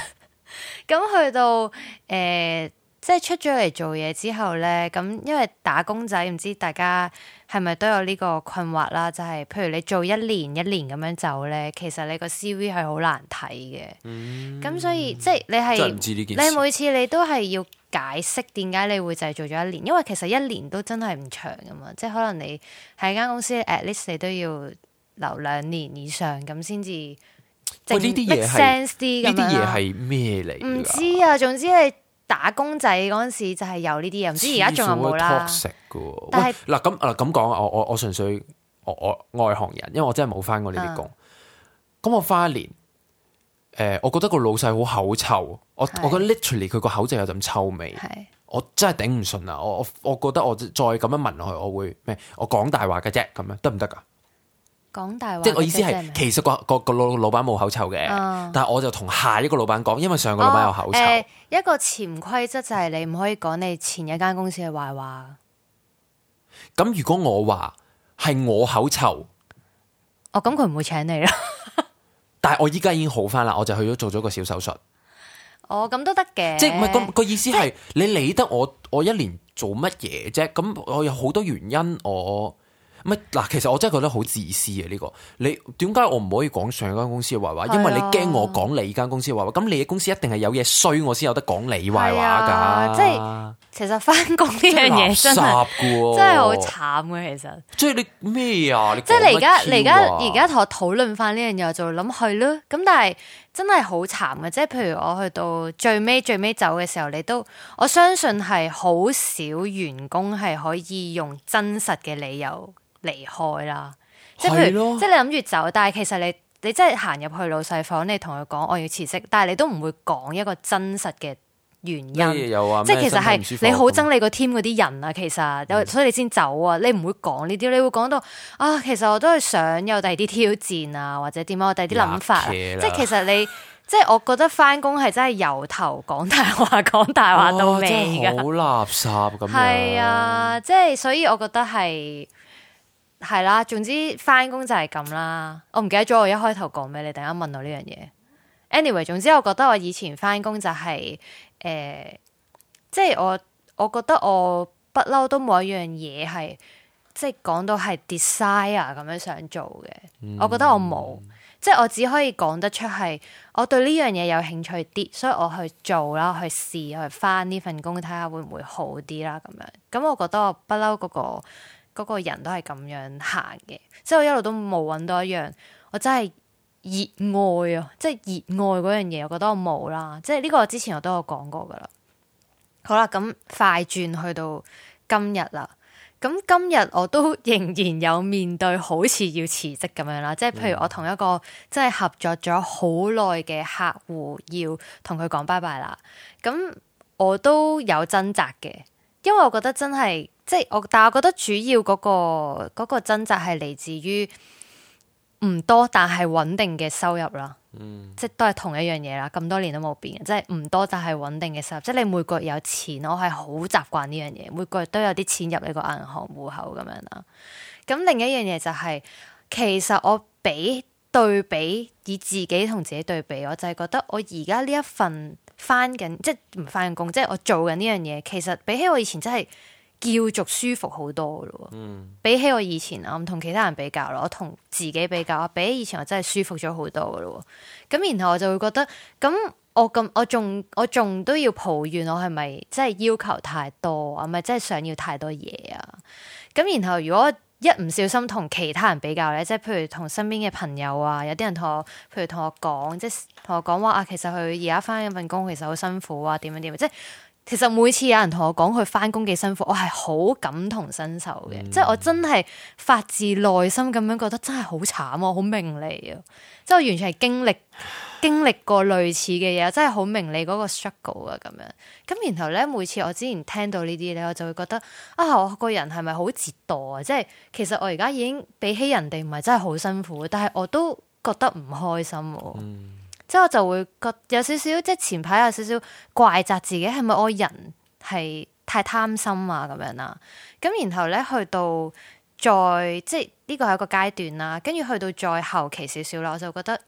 咁 去到誒、呃，即係出咗嚟做嘢之後咧，咁因為打工仔唔知大家係咪都有呢個困惑啦？就係、是、譬如你做一年一年咁樣走咧，其實你個 C V 係好難睇嘅。嗯。咁所以、嗯、即係你係，你每次你都係要。解釋點解你會製造咗一年？因為其實一年都真係唔長噶嘛，即係可能你喺間公司 at least 你都要留兩年以上咁先至。喂，呢啲嘢 sense 係呢啲嘢係咩嚟？唔知啊，總之你打工仔嗰陣時就係有呢啲嘢，唔知而家仲有冇啦。食噶，但係嗱咁嗱咁講我我我純粹我我外行人，因為我真係冇返過呢啲工。咁、嗯、我返一年。誒、uh, 的，我覺得個老細好口臭，我我覺得 literally 佢個口就有陣臭味，的我真係頂唔順啊！我我覺得我再咁樣聞落去，我會咩？我講大話嘅啫，咁樣得唔得噶？講大話，即我意思係，其實、個個、個老老闆冇口臭嘅，嗯、但係我就同下一個老闆講，因為上個老闆有口臭。哦呃、一個潛規則就係你唔可以講你前一間公司嘅壞話。咁如果我話係我口臭，哦，咁佢唔會請你啦。但係我依家已經好返啦，我就去咗做咗個小手術。哦，咁都得嘅。即係唔係個個意思係、欸、你理得我？我一年做乜嘢啫？咁我有好多原因我。唔嗱，其實我真係覺得好自私啊！呢、呢個你點解我唔可以講上一間公司嘅壞話？啊、因為你驚我講你間公司嘅壞話，咁你嘅公司一定係有嘢衰，我先有得講你壞話噶、啊。即係其實翻工呢樣嘢真係好慘嘅，其實。即係你咩啊？即係你而家而家而家同我討論翻呢樣嘢，我就諗去咯。咁但係真係好慘嘅，即係譬如我去到最尾最尾走嘅時候，你都我相信係好少員工係可以用真實嘅理由。離開啦，即係譬如，即係你諗住走，但係其實你你真係行入去老細房，你同佢講我要辭職，但係你都唔會講一個真實嘅原因，即係 overhe 其實係你好憎你個 team 嗰啲人啊，其實，所以你先走啊，你唔會講呢啲，你會講到啊，其實我都係想有第二啲挑戰啊，或者點啊，我第二啲諗法，即係其實你即係我覺得翻工係真係由頭講大話，講大話到尾好垃圾咁，係啊，即係所以我覺得係。係啦，總之翻工就係咁啦。我唔記得咗我一開頭講咩，你突然間問我呢樣嘢。Anyway，總之我覺得我以前翻工就係、是、誒、呃，即係我我覺得我不嬲都冇一樣嘢係即係講到係 desire 咁樣想做嘅。我覺得我冇，即係、嗯、我，我，我只可以講得出係我對呢樣嘢有興趣啲，所以我去做啦，去試去翻呢份工，睇下會唔會好啲啦咁樣。咁我覺得我不嬲嗰個。嗰個人都係咁樣行嘅，即係我一路都冇揾到一樣，我真係熱愛啊！即係熱愛嗰樣嘢，我覺得我冇啦。即係呢個之前我都有講過噶啦。好啦，咁快轉去到今日啦。咁今日我都仍然有面對，好似要辭職咁樣啦。即係譬如我同一個真係合作咗好耐嘅客戶，要同佢講拜拜啦。咁我都有掙扎嘅，因為我覺得真係。即係我，但係我覺得主要嗰個嗰個掙扎係嚟自於唔多但係穩定嘅收入啦。嗯，即係都係同一樣嘢啦。咁多年都冇變嘅，即係唔多但係穩定嘅收入。即係你每個月有錢，我係好習慣呢樣嘢，每個月都有啲錢入你個銀行戶口咁樣啦。咁另一樣嘢就係其實我比對比以自己同自己對比，我就係覺得我而家呢一份翻緊，即係唔翻緊工，即係我做緊呢樣嘢。其實比起我以前真係。叫做舒服好多嘅咯，嗯、比起我以前啊，唔同其他人比較咯，我同自己比較，比起以前我真係舒服咗好多咯。咁然後我就會覺得，咁我咁我仲我仲都要抱怨我係咪真係要求太多啊？咪真係想要太多嘢啊？咁然後如果一唔小心同其他人比較咧，即係譬如同身邊嘅朋友啊，有啲人同我，譬如同我講，即係同我講話啊，其實佢而家翻緊份工，其實好辛苦啊，點樣點樣，即係。其實每次有人同我講佢翻工幾辛苦，我係好感同身受嘅，嗯、即係我真係發自內心咁樣覺得真係好慘啊，好明利啊，即係我完全係經歷經歷過類似嘅嘢，真係好明利嗰個 struggle 啊，咁樣。咁然後咧，每次我之前聽到呢啲咧，我就會覺得啊，我個人係咪好折墮啊？即係其實我而家已經比起人哋唔係真係好辛苦，但係我都覺得唔開心，啊。嗯即係我就會覺有少少，即係前排有少少怪責自己，係咪我人係太貪心啊咁樣啦？咁然後咧去到再即係呢個係一個階段啦，跟住去到再後期少少啦，我就覺得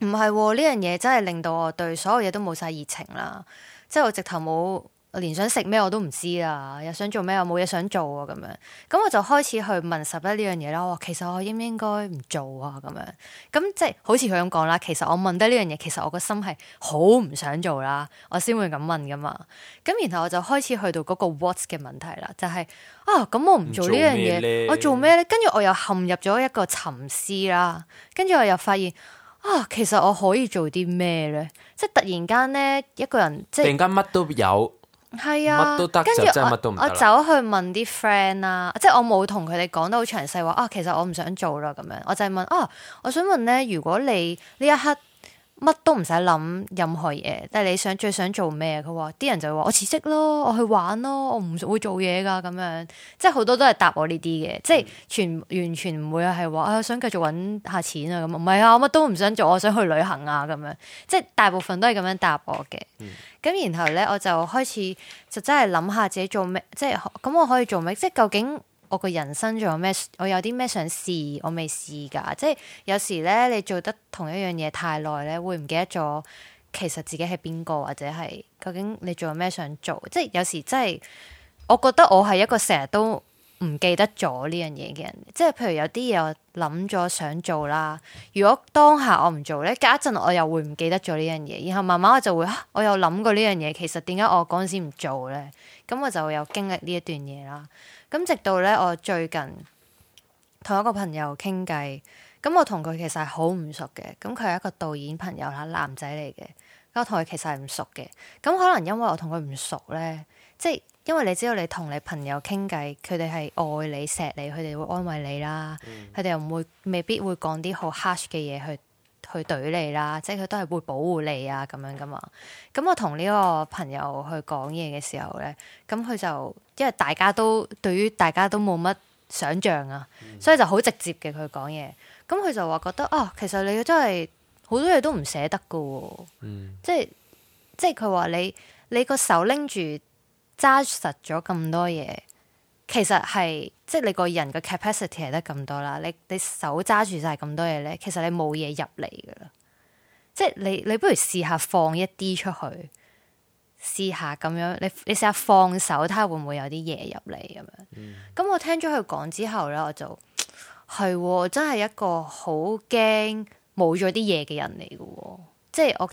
唔係喎，呢樣嘢真係令到我對所有嘢都冇晒熱情啦，即係我直頭冇。我連想食咩我都唔知啦，又想做咩，我冇嘢想做啊，咁樣咁我就開始去問十一呢樣嘢啦。我其實我應唔應該唔做啊？咁樣咁即係好似佢咁講啦。其實我問得呢樣嘢，其實我個心係好唔想做啦，我先會咁問噶嘛。咁然後我就開始去到嗰個 what 嘅問題啦，就係啊，咁我唔做呢樣嘢，我做咩咧？跟住我又陷入咗一個沉思啦。跟住我又發現啊，其實我可以做啲咩咧？即係突然間咧，一個人即係突然間乜都有。係啊，跟住我我走去問啲 friend 啦，即係我冇同佢哋講得好詳細話啊，其實我唔想做啦咁樣，我就係問啊，我想問咧，如果你呢一刻？乜都唔使諗任何嘢，但係你想最想做咩？佢話，啲人就話我辭職咯，我去玩咯，我唔會做嘢噶咁樣，即係好多都係答我呢啲嘅，嗯、即係全完全唔會係話啊想繼續揾下錢啊，咁唔係啊，我乜、啊、都唔想做，我想去旅行啊咁樣，即係大部分都係咁樣答我嘅。咁、嗯、然後咧我就開始就真係諗下自己做咩，即係咁我可以做咩？即係究竟。我個人生仲有咩？我有啲咩想試？我未試噶。即係有時咧，你做得同一樣嘢太耐咧，會唔記得咗，其實自己係邊個，或者係究竟你仲有咩想做？即係有時真係，我覺得我係一個成日都唔記得咗呢樣嘢嘅人。即係譬如有啲嘢我諗咗想做啦，如果當下我唔做咧，隔一陣我又會唔記得咗呢樣嘢。然後慢慢我就會，啊、我有諗過呢樣嘢，其實點解我嗰陣時唔做咧？咁我就會有經歷呢一段嘢啦。咁直到咧，我最近同一個朋友傾偈，咁我同佢其實係好唔熟嘅。咁佢係一個導演朋友啦，男仔嚟嘅。我同佢其實係唔熟嘅。咁可能因為我同佢唔熟咧，即係因為你知道你同你朋友傾偈，佢哋係愛你錫你，佢哋會安慰你啦。佢哋又唔會未必會講啲好 hush 嘅嘢去去懟你啦，即係佢都係會保護你啊，咁樣噶嘛。咁我同呢個朋友去講嘢嘅時候咧，咁佢就因為大家都對於大家都冇乜想象啊，嗯，所以就好直接嘅佢講嘢。咁佢就話覺得啊，哦，其實你真係好多嘢都唔捨得噶，嗯，即係即係佢話你你個手拎住揸實咗咁多嘢。其實係即係你個人嘅 capacity 係得咁多啦，你你手揸住晒咁多嘢咧，其實你冇嘢入嚟噶啦，即係你你不如試下放一啲出去，試下咁樣，你你試下放手睇下會唔會有啲嘢入嚟咁樣。咁、嗯嗯、我聽咗佢講之後咧，我就係真係一個好驚冇咗啲嘢嘅人嚟噶，即係我。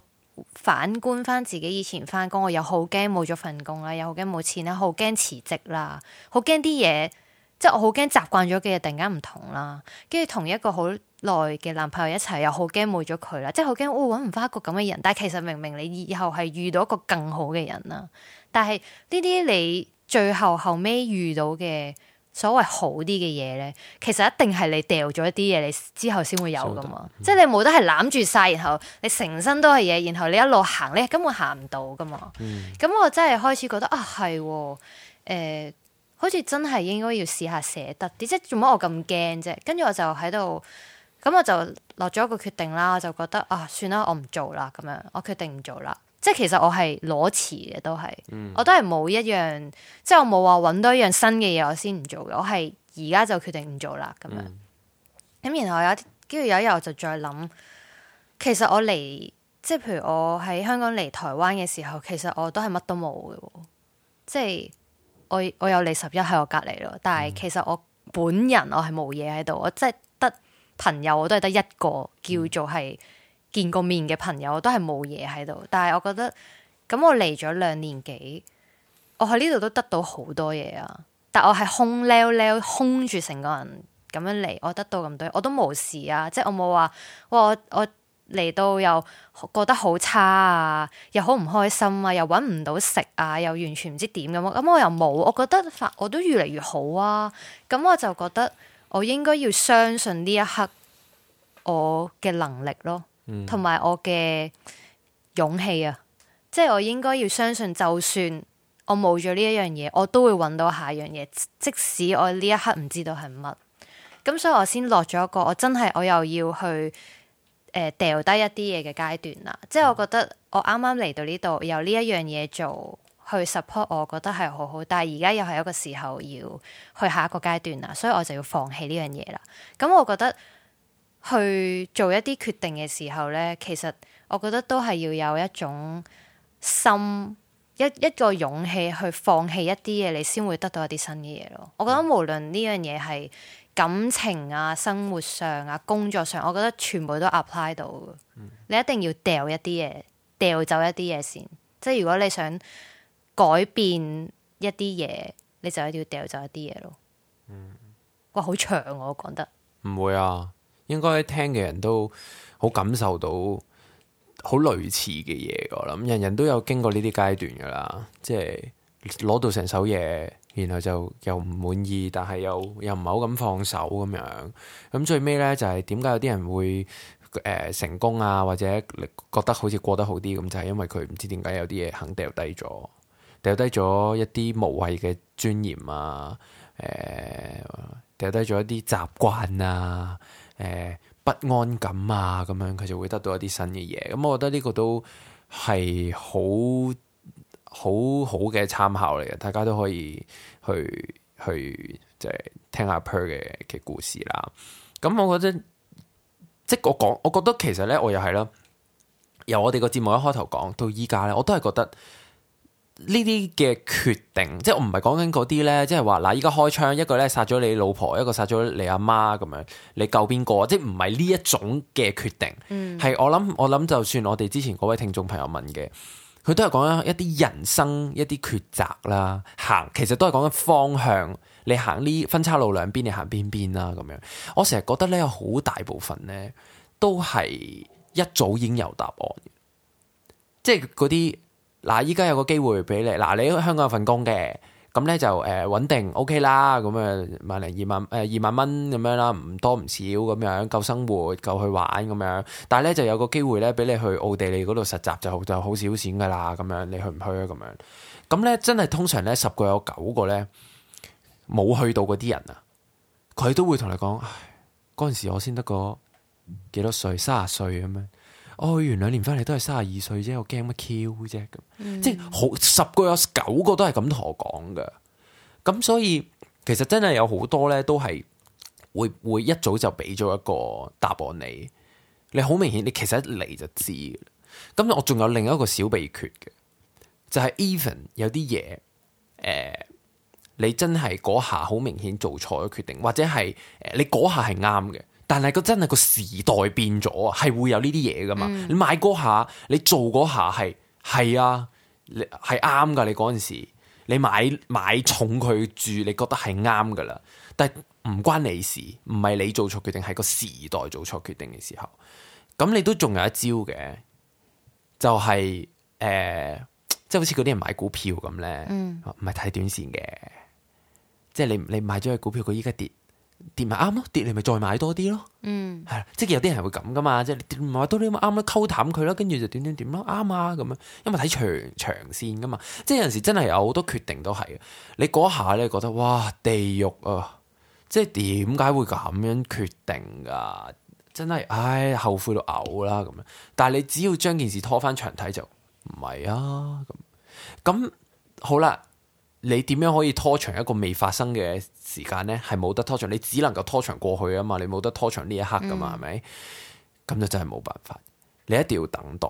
反觀翻自己以前翻工，我又好驚冇咗份工啦，又好驚冇錢啦，好驚辭職啦，好驚啲嘢，即係我好驚習慣咗嘅嘢突然間唔同啦。跟住同一個好耐嘅男朋友一齊，又好驚冇咗佢啦，即係好驚我搵唔翻一個咁嘅人。但係其實明明你以後係遇到一個更好嘅人啦，但係呢啲你最後後尾遇到嘅。所謂好啲嘅嘢咧，其實一定係你掉咗一啲嘢，你之後先會有噶嘛。 即係你冇得係攬住晒，然後你成身都係嘢，然後你一路行，你根本行唔到噶嘛。咁 我真係開始覺得啊，係誒、呃，好似真係應該要試下捨得啲。即係做乜我咁驚啫？跟住我就喺度，咁我就落咗一個決定啦。我就覺得啊，算啦，我唔做啦，咁樣，我決定唔做啦。即係其實我係裸辭嘅，都係，嗯、我都係冇一樣，即係我冇話搵多一樣新嘅嘢，我先唔做嘅。我係而家就決定唔做啦，咁樣。咁、嗯、然後有，跟住有一日我就再諗，其實我嚟，即係譬如我喺香港嚟台灣嘅時候，其實我都係乜都冇嘅。即係我我有李拾壹喺我隔籬咯，但係其實我本人我係冇嘢喺度，我即係得朋友我都係得一個叫做係。見過面嘅朋友，我都係冇嘢喺度。但係我覺得咁，我嚟咗兩年幾，我喺呢度都得到好多嘢啊！但我係空溜溜，空住成個人咁樣嚟，我得到咁多，我都冇事啊！即係我冇話哇我我嚟到又覺得好差啊，又好唔開心啊，又搵唔到食啊，又完全唔知點咁。咁我又冇，我覺得發我都越嚟越好啊！咁我就覺得我應該要相信呢一刻我嘅能力咯。同埋我嘅勇氣啊，即係我應該要相信，就算我冇咗呢一樣嘢，我都會揾到下樣嘢。即使我呢一刻唔知道係乜，咁所以我先落咗一個，我真係我又要去、呃、掉低一啲嘢嘅階段啦。即係我覺得我啱啱嚟到呢度有呢一樣嘢做去 support，我覺得係好好。但係而家又係一個時候要去下一個階段啦，所以我就要放棄呢樣嘢啦。咁我覺得。去做一啲決定嘅時候呢，其實我覺得都係要有一種心一一個勇氣去放棄一啲嘢，你先會得到一啲新嘅嘢咯。我覺得無論呢樣嘢係感情啊、生活上啊、工作上，我覺得全部都 apply 到嘅。嗯、你一定要掉一啲嘢，掉走一啲嘢先。即係如果你想改變一啲嘢，你就一定要掉走一啲嘢咯。嗯、哇，好長啊，我講得唔會啊。應該聽嘅人都好感受到好類似嘅嘢噶啦。我諗人人都有經過呢啲階段噶啦，即係攞到成首嘢，然後就又唔滿意，但係又又唔好咁放手咁樣。咁最尾呢，就係點解有啲人會誒、呃、成功啊，或者覺得好似過得好啲咁，就係、是、因為佢唔知點解有啲嘢肯掉低咗，掉低咗一啲無謂嘅尊嚴啊，誒、呃、掉低咗一啲習慣啊。誒、呃、不安感啊，咁樣佢就會得到一啲新嘅嘢。咁、嗯、我覺得呢個都係好好好嘅參考嚟嘅，大家都可以去去即係聽下 Per 嘅嘅故事啦。咁、嗯、我覺得即我講，我覺得其實呢，我又係啦，由我哋個節目一開頭講到依家呢，我都係覺得。呢啲嘅決定，即係我唔係講緊嗰啲咧，即係話嗱，依家開槍，一個咧殺咗你老婆，一個殺咗你阿媽咁樣，你救邊個？即係唔係呢一種嘅決定？係、嗯、我諗，我諗就算我哋之前嗰位聽眾朋友問嘅，佢都係講緊一啲人生一啲抉擇啦，行其實都係講緊方向，你行呢分岔路兩邊，你行邊邊啦咁樣。我成日覺得咧，好大部分咧都係一早已經有答案即係嗰啲。嗱，依家有個機會俾你，嗱、啊，你喺香港有份工嘅，咁呢就誒、呃、穩定，OK 啦，咁啊萬零二萬誒、呃、二萬蚊咁樣啦，唔多唔少咁樣夠生活夠去玩咁樣，但係呢，就有個機會呢，俾你去奧地利嗰度實習就就好少錢㗎喇，咁樣你去唔去啊？咁樣，咁呢，真係通常呢，十個有九個呢，冇去到嗰啲人啊，佢都會同你講，唉，嗰陣時我先得個幾多歲，三十歲咁樣。哦，原完兩年翻嚟都係三十二歲啫，我驚乜 Q 啫咁，嗯、即係好十個有九個都係咁同我講嘅，咁所以其實真係有好多咧，都係會會一早就俾咗一個答案你，你好明顯你其實一嚟就知，咁我仲有另一個小秘訣嘅，就係、是、even 有啲嘢，誒、呃，你真係嗰下好明顯做錯嘅決定，或者係誒、呃、你嗰下係啱嘅。但係個真係個時代變咗啊，係會有呢啲嘢噶嘛？嗯、你買嗰下，你做嗰下係係啊，係啱噶。你嗰陣時，你買買重佢住，你覺得係啱噶啦。但係唔關你事，唔係你做錯決定，係個時代做錯決定嘅時候。咁你都仲有一招嘅，就係、是、誒、呃，即係好似嗰啲人買股票咁咧，唔係睇短線嘅，即係你你買咗個股票，佢依家跌。跌咪啱咯，跌你咪再買多啲咯，嗯，係，即係有啲人係會咁噶嘛，即係買多啲咪啱咯，溝淡佢咯，跟住就點點點咯，啱啊咁樣，因為睇長長線噶嘛，即係有陣時真係有好多決定都係，你嗰下咧覺得哇地獄啊，即係點解會咁樣決定噶，真係唉後悔到嘔啦咁樣，但係你只要將件事拖翻長睇就唔係啊，咁咁好啦。你點樣可以拖長一個未發生嘅時間呢？係冇得拖長，你只能夠拖長過去啊嘛！你冇得拖長呢一刻㗎嘛，係咪、嗯？咁就真係冇辦法。你一定要等待，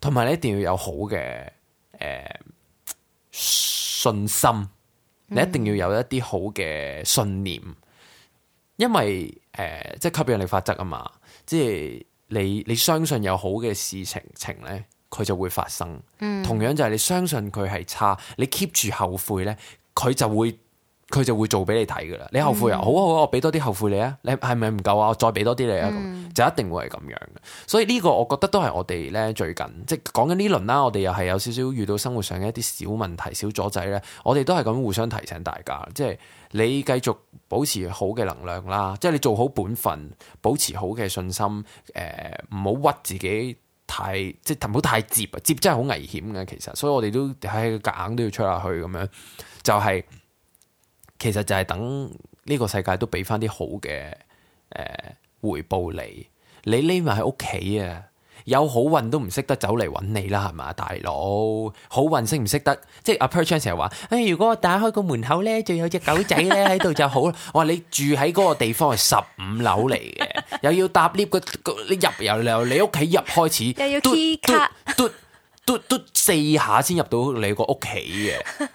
同埋你一定要有好嘅、呃、信心。你一定要有一啲好嘅信念，嗯、因為誒、呃，即係吸引力法則啊嘛！即係你你相信有好嘅事情情咧。佢就會發生，嗯、同樣就係你相信佢係差，你 keep 住後悔呢，佢就會佢就會做俾你睇噶啦。你後悔又、嗯、好啊，我俾多啲後悔你啊，你係咪唔夠啊？我再俾多啲你啊、嗯，就一定會係咁樣嘅。所以呢個我覺得都係我哋呢，最近即係講緊呢輪啦，我哋又係有少少遇到生活上嘅一啲小問題、小阻滯呢。我哋都係咁互相提醒大家，即係你繼續保持好嘅能量啦，即係你做好本分，保持好嘅信心，誒唔好屈自己。太即係唔好太接啊！接真係好危險嘅，其實，所以我哋都喺個夾硬都要出下去咁樣，就係、是、其實就係等呢個世界都俾翻啲好嘅誒、呃、回報你。你匿埋喺屋企啊，有好運都唔識得走嚟揾你啦，係嘛？大佬好運識唔識得？即係阿 Perchan 成日話，誒、哎，如果我打開個門口咧，就有隻狗仔咧喺度就好。 我話你住喺嗰個地方係十五樓嚟嘅。又要搭 lift 個入由由你屋企入開始，又要 key 卡嘟嘟嘟四下先入到你個屋企嘅。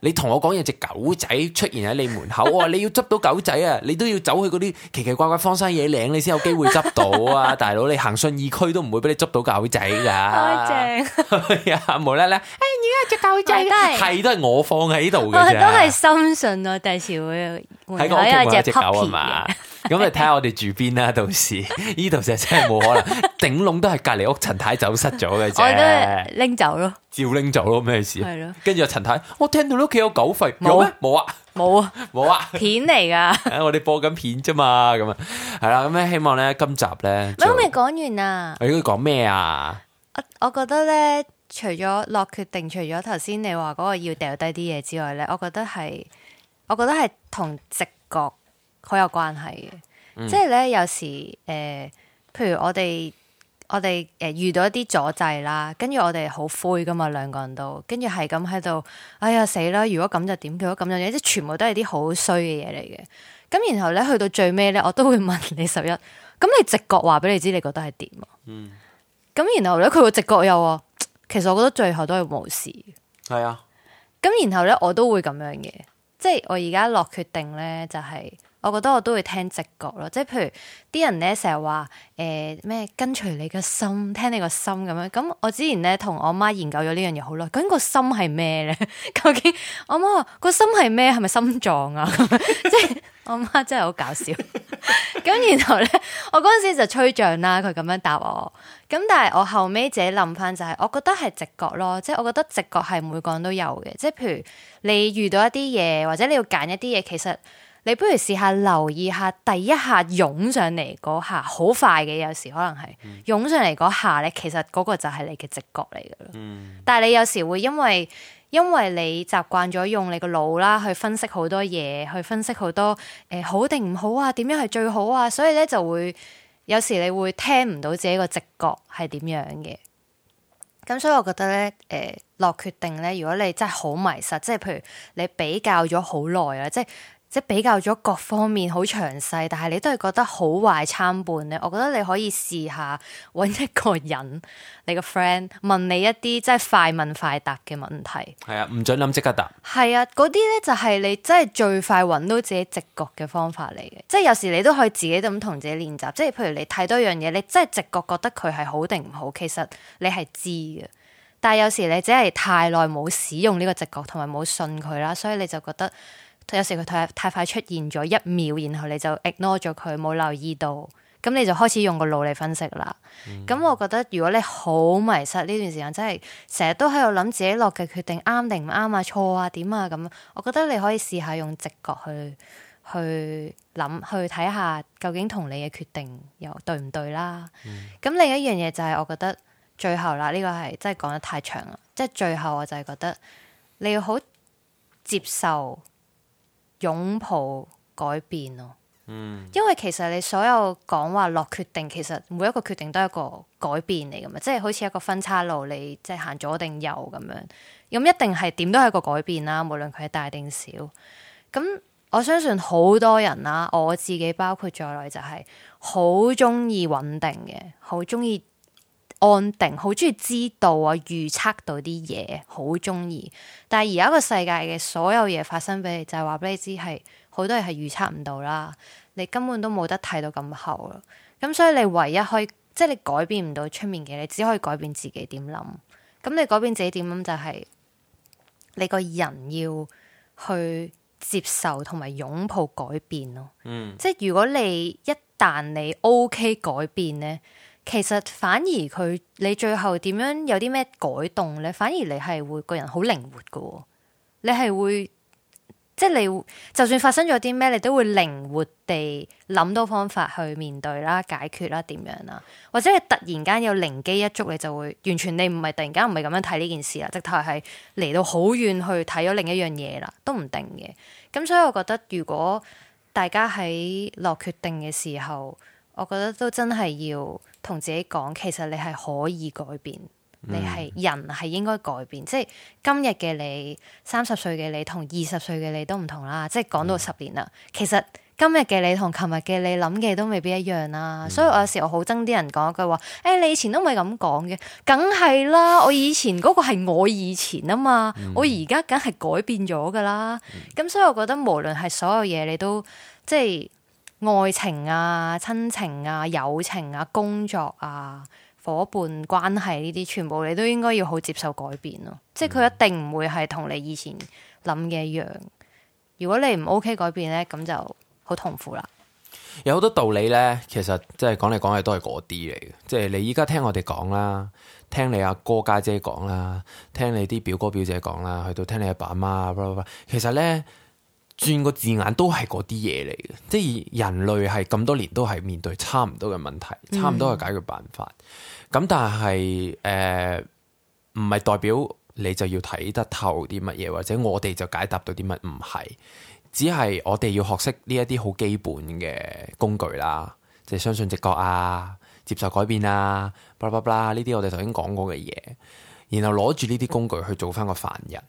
你同我講有隻狗仔出現喺你門口，你要執到狗仔啊，你都要走去嗰啲奇奇怪怪荒山野嶺，你先有機會執到啊，大佬你行信義區都唔會俾你執到狗仔噶。正呀棒， 無啦啦、欸，如果家有隻狗仔，都係都係我放喺度嘅，都係深信我，第時會換咗一隻狗係嘛？寶寶寶寶咁你睇下我哋住邊啦，到時呢度就真係冇可能，頂籠都係隔籬屋陳太走失咗嘅啫，我都係拎走咯，照拎走咯，咩事？係咯，跟住阿陳太，我聽到你屋企有狗吠，冇啊，冇啊，冇啊，片嚟㗎，我哋播緊片啫嘛，咁啊，係啦，咁咧希望咧今集咧，咩都未講完啊，應該講咩啊？我我覺得咧，除咗落決定，除咗頭先你話嗰個要掉低啲嘢之外咧，我覺得係，我覺得係同直覺。好有關係嘅，嗯、即係咧有時誒、呃，譬如我哋我哋誒、呃、遇到一啲阻滯啦，跟住我哋好灰噶嘛，兩個人都跟住係咁喺度，哎呀死啦！如果咁就點，如果咁樣就點，即係全部都係啲好衰嘅嘢嚟嘅。咁然後咧去到最尾咧，我都會問你十一，咁你直覺話俾你知，你覺得係點啊？嗯。咁然後咧，佢個直覺又話，其實我覺得最後都係冇事。係是啊。咁然後咧，我都會咁樣嘅，即係我而家落決定咧、就是，就係、是。我覺得我都會聽直覺咯，即係譬如啲人咧成日話誒咩跟隨你嘅心，聽你個心咁樣。咁我之前咧同我媽研究咗呢樣嘢好耐，究竟個心係咩咧？究竟我媽話個心係咩？係咪心臟啊？ 即係我媽真係好搞笑。咁 然後咧，我嗰陣時就吹脹啦，佢咁樣答我。咁但係我後尾自己諗翻就係、是，我覺得係直覺咯，即係我覺得直覺係每個人都有嘅。即係譬如你遇到一啲嘢，或者你要揀一啲嘢，其實。你不如試下留意下第一下湧上嚟嗰下，好快嘅，有時可能係湧、嗯、上嚟嗰下咧，其實嗰個就係你嘅直覺嚟嘅咯。嗯、但係你有時會因為因為你習慣咗用你個腦啦去分析好多嘢，去分析好多、呃、好多誒好定唔好啊，點樣係最好啊？所以咧就會有時你會聽唔到自己個直覺係點樣嘅。咁所以我覺得咧，誒、呃、落決定咧，如果你真係好迷失，即係譬如你比較咗好耐啦，即係。即係比較咗各方面好詳細，但係你都係覺得好壞參半咧。我覺得你可以試下搵一個人，你個 friend 問你一啲即係快問快答嘅問題。係啊，唔准諗即刻答。係啊，嗰啲咧就係你真係最快搵到自己直覺嘅方法嚟嘅。即係有時你都可以自己咁同自己練習。即係譬如你睇多樣嘢，你真係直覺覺得佢係好定唔好，其實你係知嘅。但係有時你只係太耐冇使用呢個直覺，同埋冇信佢啦，所以你就覺得。有時佢太太快出現咗一秒，然後你就 ignore 咗佢，冇留意到，咁你就開始用個腦嚟分析啦。咁、嗯、我覺得如果你好迷失呢段時間，真係成日都喺度諗自己落嘅決定啱定唔啱啊、錯啊、點啊咁。我覺得你可以試下用直覺去去諗，去睇下究竟同你嘅決定又對唔對啦。咁、嗯、另一樣嘢就係我覺得最後啦，呢、呢個係真係講得太長啦。即係最後，我就係覺得你要好接受。擁抱改變咯，嗯，因為其實你所有講話落決定，其實每一個決定都係一個改變嚟噶嘛，即係好似一個分岔路，你即係行左定右咁樣，咁一定係點都係個改變啦，無論佢係大定小。咁我相信好多人啦，我自己包括在內就係好中意穩定嘅，好中意。安定，好中意知道啊，預測到啲嘢，好中意。但係而家個世界嘅所有嘢，發生俾你，就係話俾你知，係好多嘢係預測唔到啦，你根本都冇得睇到咁後咯。咁所以你唯一可以，即係你改變唔到出面嘅，你只可以改變自己點諗。咁你改變自己點諗就係，你個人要去接受同埋擁抱改變咯。嗯，即係如果你一旦你 OK 改變咧。其實反而佢你最後點樣有啲咩改動咧？反而你係會個人好靈活㗎，你係會即係、就是、你就算發生咗啲咩，你都會靈活地諗到方法去面對啦、解決啦、點樣啦，或者你突然間有靈機一觸，你就會完全你唔係突然間唔係咁樣睇呢件事啦，直頭係嚟到好遠去睇咗另一樣嘢啦，都唔定嘅。咁所以我覺得，如果大家喺落決定嘅時候，我覺得都真係要。同自己講，其實你係可以改變，你係人係應該改變，嗯、即係今日嘅你，三十歲嘅你同二十歲嘅你都唔同啦。即係講到十年啦，嗯、其實今日嘅你同琴日嘅你諗嘅都未必一樣啦。嗯、所以我有時我好憎啲人講一句話，誒、欸，你以前都唔係咁講嘅，梗係啦，我以前嗰個係我以前啊嘛，我而家梗係改變咗噶啦。咁、嗯、所以我覺得無論係所有嘢，你都即係。愛情啊、親情啊、友情啊、工作啊、伙伴關係呢啲，全部你都應該要好接受改變咯。嗯、即係佢一定唔會係同你以前諗嘅一樣。如果你唔 OK 改變咧，咁就好痛苦啦。有好多道理咧，其實即係講嚟講去都係嗰啲嚟嘅。即係你依家聽我哋講啦，聽你阿哥家姐講啦，聽你啲表哥表姐講啦，去到聽你阿爸阿媽 blah blah blah，其實咧。轉個字眼都係嗰啲嘢嚟嘅，即係人類係咁多年都係面對差唔多嘅問題，嗯、差唔多嘅解決辦法。咁但係誒，唔係代表你就要睇得透啲乜嘢，或者我哋就解答到啲乜唔係？只係我哋要學識呢一啲好基本嘅工具啦，即係相信直覺啊，接受改變啊、巴拉巴拉呢啲我哋頭先講過嘅嘢，然後攞住呢啲工具去做翻個凡人。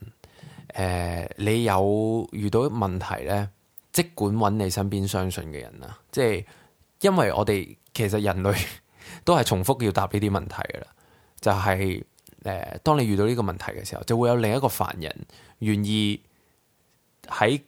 誒、呃，你有遇到問題咧，即管揾你身邊相信嘅人啦。即係，因為我哋其實人類都係重複要答呢啲問題噶啦，就係、是、誒、呃，當你遇到呢個問題嘅時候，就會有另一個凡人願意喺。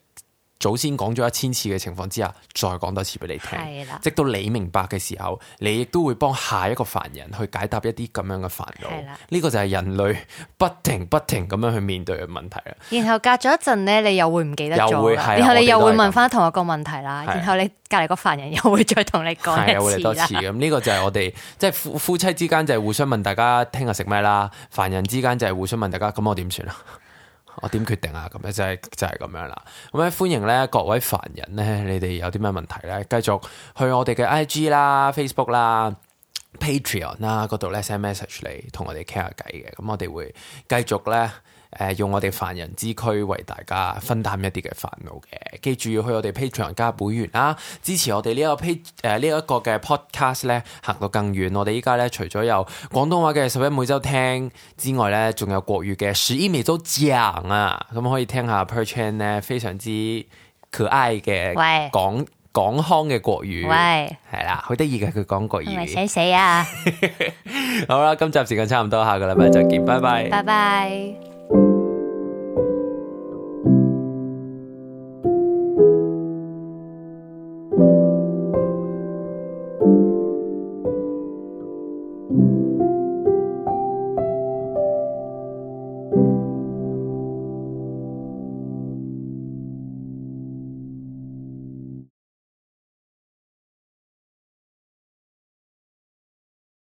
祖先講咗一千次嘅情況之下，再講多次俾你聽，的直到你明白嘅時候，你亦都會幫下一個凡人去解答一啲咁樣嘅煩惱。係啦的，呢個就係人類不停不停咁樣去面對嘅問題啦。然後隔咗一陣咧，你又會唔記得咗？又會係，然後你又會問翻同一個問題啦。的然後你隔籬個凡人又會再同你講會嚟多次啦。咁、這、呢個就係我哋即係夫夫妻之間就係互相問大家聽日食咩啦，凡人之間就係互相問大家，咁我點算啊？ 我點決定啊？咁咧就係就係咁樣啦。咁、嗯、咧歡迎咧各位凡人咧，你哋有啲咩問題咧？繼續去我哋嘅 I G 啦、 Facebook 啦、Patreon 啦嗰度 send message 你同我哋傾下偈嘅。咁、嗯、我哋會繼續咧。誒，用我哋凡人之軀為大家分擔一啲嘅煩惱嘅，記住要去我哋 patreon 加會員啦，支持我哋、呃這個、呢一個 pat 誒呢一個嘅 podcast 咧行到更遠。我哋依家咧除咗有廣東話嘅拾壹每週聽之外咧，仲有國語嘅拾壹每週醬啊，咁、嗯、可以聽下 Perchan 咧非常之可愛嘅廣廣腔嘅國語，係喂啦，好得意嘅佢講國語。想死啊！ 好啦，今集時間差唔多，下個禮拜再見，拜拜，嗯、拜拜。